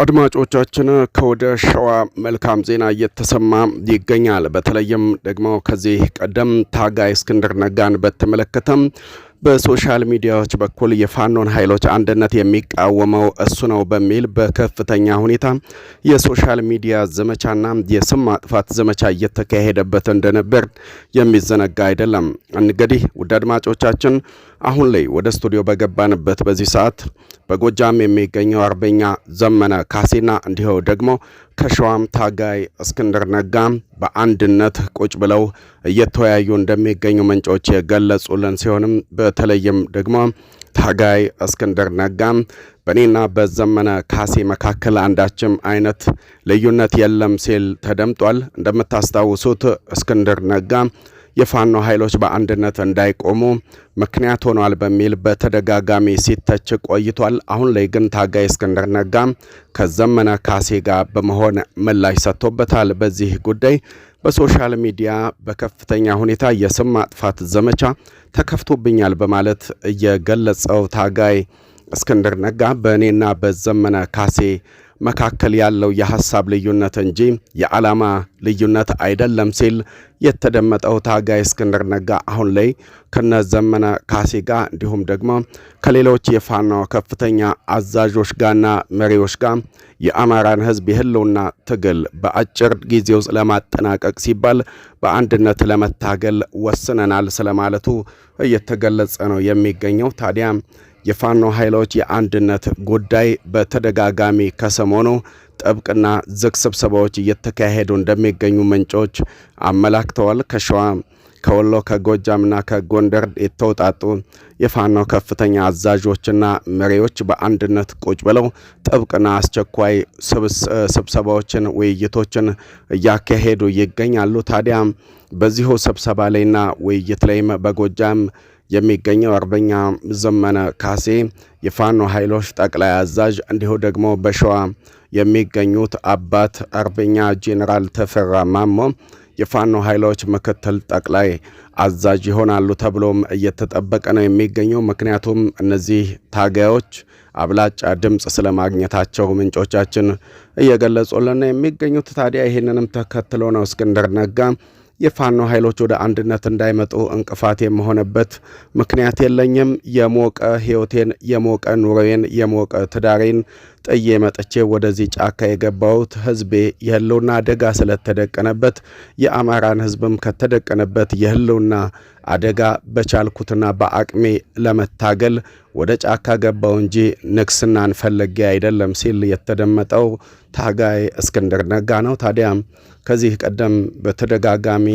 አድማጮቻችን ከወደ ሸዋ መልካም ዜና እየተሰማ ይገኛል። በተለይም ደግሞ ከዚህ ቀደም ታጋይ እስክንድር ነጋን በተመለከተም በሶሻል ሚዲያዎች በኩል የፋኖን ኃይሎች አንድነት የሚቃወመው እሱ ነው በሚል በከፍተኛ ሁኔታ የሶሻል ሚዲያ ዘመቻና የስም ማጥፋት ዘመቻ እየተካሄደበት እንደነበር የሚዘነጋ አይደለም። እንግዲህ ውድ አድማጮቻችን አሁን ላይ ወደ ስቱዲዮ በገባንበት በዚህ ሰዓት በጎጃም የሚገኘው አርበኛ ዘመነ ካሴና እንዲሁ ደግሞ ከሸዋም ታጋይ እስክንድር ነጋም በአንድነት ቁጭ ብለው እየተወያዩ እንደሚገኙ ምንጮች የገለጹልን ሲሆንም በተለይም ደግሞ ታጋይ እስክንድር ነጋም በእኔና በዘመነ ካሴ መካከል አንዳችም አይነት ልዩነት የለም ሲል ተደምጧል። እንደምታስታውሱት እስክንድር ነጋም የፋኖ ኃይሎች በአንድነት እንዳይቆሙ ምክንያት ሆኗል በሚል በተደጋጋሚ ሲተች ቆይቷል። አሁን ላይ ግን ታጋይ እስክንድር ነጋ ከዘመነ ካሴ ጋር በመሆን ምላሽ ሰጥቶበታል። በዚህ ጉዳይ በሶሻል ሚዲያ በከፍተኛ ሁኔታ የስም ማጥፋት ዘመቻ ተከፍቶብኛል በማለት እየገለጸው ታጋይ እስክንድር ነጋ በእኔና በዘመነ ካሴ መካከል ያለው የሐሳብ ልዩነት እንጂ የዓላማ ልዩነት አይደለም ሲል የተደመጠው ታጋይ እስክንድር ነጋ አሁን ላይ ከነዘመነ ካሴ ጋር እንዲሁም ደግሞ ከሌሎች የፋኖ ከፍተኛ አዛዦች ጋርና መሪዎች ጋር የአማራን ሕዝብ የህልውና ትግል በአጭር ጊዜ ውስጥ ለማጠናቀቅ ሲባል በአንድነት ለመታገል ወስነናል ስለማለቱ እየተገለጸ ነው የሚገኘው ታዲያ የፋኖ ኃይሎች የአንድነት ጉዳይ በተደጋጋሚ ከሰሞኑ ጥብቅና ዝግ ስብሰባዎች እየተካሄዱ እንደሚገኙ ምንጮች አመላክተዋል። ከሸዋ ከወሎ ከጎጃምና ከጎንደር የተውጣጡ የፋኖ ከፍተኛ አዛዦችና መሪዎች በአንድነት ቁጭ ብለው ጥብቅና አስቸኳይ ስብሰባዎችን፣ ውይይቶችን እያካሄዱ ይገኛሉ። ታዲያ በዚሁ ስብሰባ ላይና ውይይት ላይም በጎጃም የሚገኘው አርበኛ ዘመነ ካሴ የፋኖ ኃይሎች ጠቅላይ አዛዥ፣ እንዲሁ ደግሞ በሸዋ የሚገኙት አባት አርበኛ ጄኔራል ተፈራ ማሞ የፋኖ ኃይሎች ምክትል ጠቅላይ አዛዥ ይሆናሉ ተብሎም እየተጠበቀ ነው የሚገኘው። ምክንያቱም እነዚህ ታጋዮች አብላጫ ድምፅ ስለማግኘታቸው ምንጮቻችን እየገለጹልን የሚገኙት። ታዲያ ይህንንም ተከትሎ ነው እስክንድር ነጋ የፋኖ ኃይሎች ወደ አንድነት እንዳይመጡ እንቅፋት የመሆንበት ምክንያት የለኝም። የሞቀ ሕይወቴን፣ የሞቀ ኑሮዬን፣ የሞቀ ትዳሬን ጥዬ መጥቼ ወደዚህ ጫካ የገባሁት ህዝቤ የህልውና አደጋ ስለተደቀነበት የአማራን ህዝብም ከተደቀነበት የህልውና አደጋ በቻልኩትና በአቅሜ ለመታገል ወደ ጫካ ገባው እንጂ ንግስናን ፈለጌ አይደለም ሲል የተደመጠው ታጋይ እስክንድር ነጋ ነው። ታዲያም ከዚህ ቀደም በተደጋጋሚ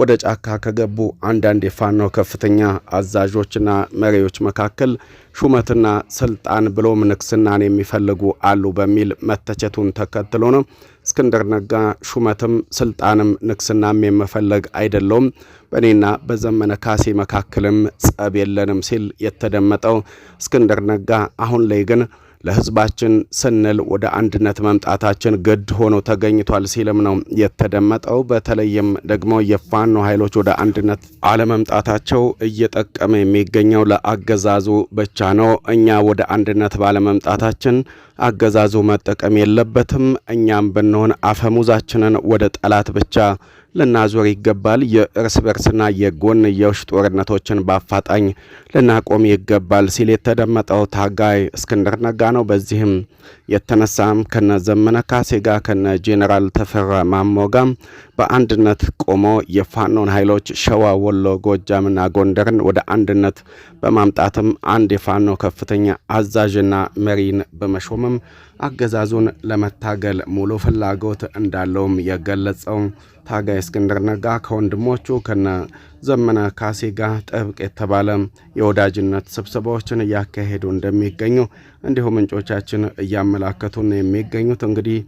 ወደ ጫካ ከገቡ አንዳንድ የፋኖ ከፍተኛ አዛዦችና መሪዎች መካከል ሹመትና ስልጣን ብሎም ንግስናን የሚፈልጉ አሉ በሚል መተቸቱን ተከትሎ ነው እስክንድር ነጋ ሹመትም ስልጣንም ንግስናም የመፈለግ አይደለውም፣ በእኔና በዘመነ ካሴ መካከልም ጸብ የለንም ሲል የተደመጠው እስክንድር ነጋ አሁን ላይ ግን ለህዝባችን ስንል ወደ አንድነት መምጣታችን ግድ ሆኖ ተገኝቷል ሲልም ነው የተደመጠው። በተለይም ደግሞ የፋኖ ኃይሎች ወደ አንድነት አለመምጣታቸው እየጠቀመ የሚገኘው ለአገዛዙ ብቻ ነው። እኛ ወደ አንድነት ባለመምጣታችን አገዛዙ መጠቀም የለበትም። እኛም ብንሆን አፈሙዛችንን ወደ ጠላት ብቻ ልናዞር ይገባል። የእርስ በርስና የጎንዮሽ ጦርነቶችን በአፋጣኝ ልናቆም ይገባል ሲል የተደመጠው ታጋይ እስክንድር ነጋ ነው። በዚህም የተነሳም ከነ ዘመነ ካሴ ጋር ከነ ጄኔራል ተፈራ ማሞ ጋር በአንድነት ቆሞ የፋኖን ኃይሎች ሸዋ፣ ወሎ፣ ጎጃምና ጎንደርን ወደ አንድነት በማምጣትም አንድ የፋኖ ከፍተኛ አዛዥና መሪን በመሾምም አገዛዙን ለመታገል ሙሉ ፍላጎት እንዳለውም የገለጸው ታጋይ እስክንድር ነጋ ከወንድሞቹ ከነ ዘመነ ካሴ ጋር ጥብቅ የተባለ የወዳጅነት ስብሰባዎችን እያካሄዱ እንደሚገኙ እንዲሁም ምንጮቻችን እያመላከቱን የሚገኙት እንግዲህ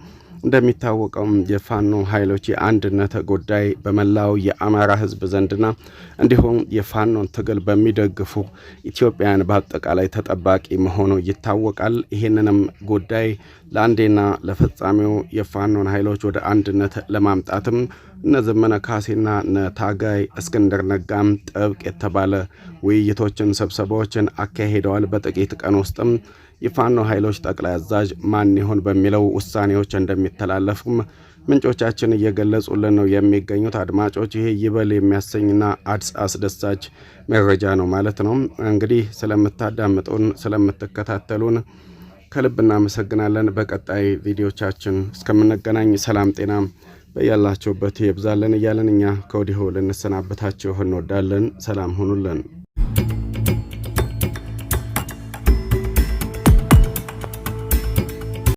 እንደሚታወቀውም የፋኖ ኃይሎች የአንድነት ጉዳይ በመላው የአማራ ህዝብ ዘንድና እንዲሁም የፋኖን ትግል በሚደግፉ ኢትዮጵያን በአጠቃላይ ተጠባቂ መሆኑ ይታወቃል። ይህንንም ጉዳይ ለአንዴና ለፈጻሚው የፋኖን ኃይሎች ወደ አንድነት ለማምጣትም እነ ዘመነ ካሴና እነ ታጋይ እስክንድር ነጋም ጥብቅ የተባለ ውይይቶችን፣ ስብሰባዎችን አካሂደዋል። በጥቂት ቀን ውስጥም የፋኖ ኃይሎች ጠቅላይ አዛዥ ማን ይሆን በሚለው ውሳኔዎች እንደሚተላለፉም ምንጮቻችን እየገለጹልን ነው የሚገኙት። አድማጮች ይሄ ይበል የሚያሰኝና አስደሳች መረጃ ነው ማለት ነው። እንግዲህ ስለምታዳምጡን ስለምትከታተሉን ከልብ እናመሰግናለን። በቀጣይ ቪዲዮቻችን እስከምንገናኝ ሰላም ጤና በያላችሁበት ይብዛልን እያለን እኛ ከወዲሁ ልንሰናበታችሁ እንወዳለን። ሰላም ሁኑልን።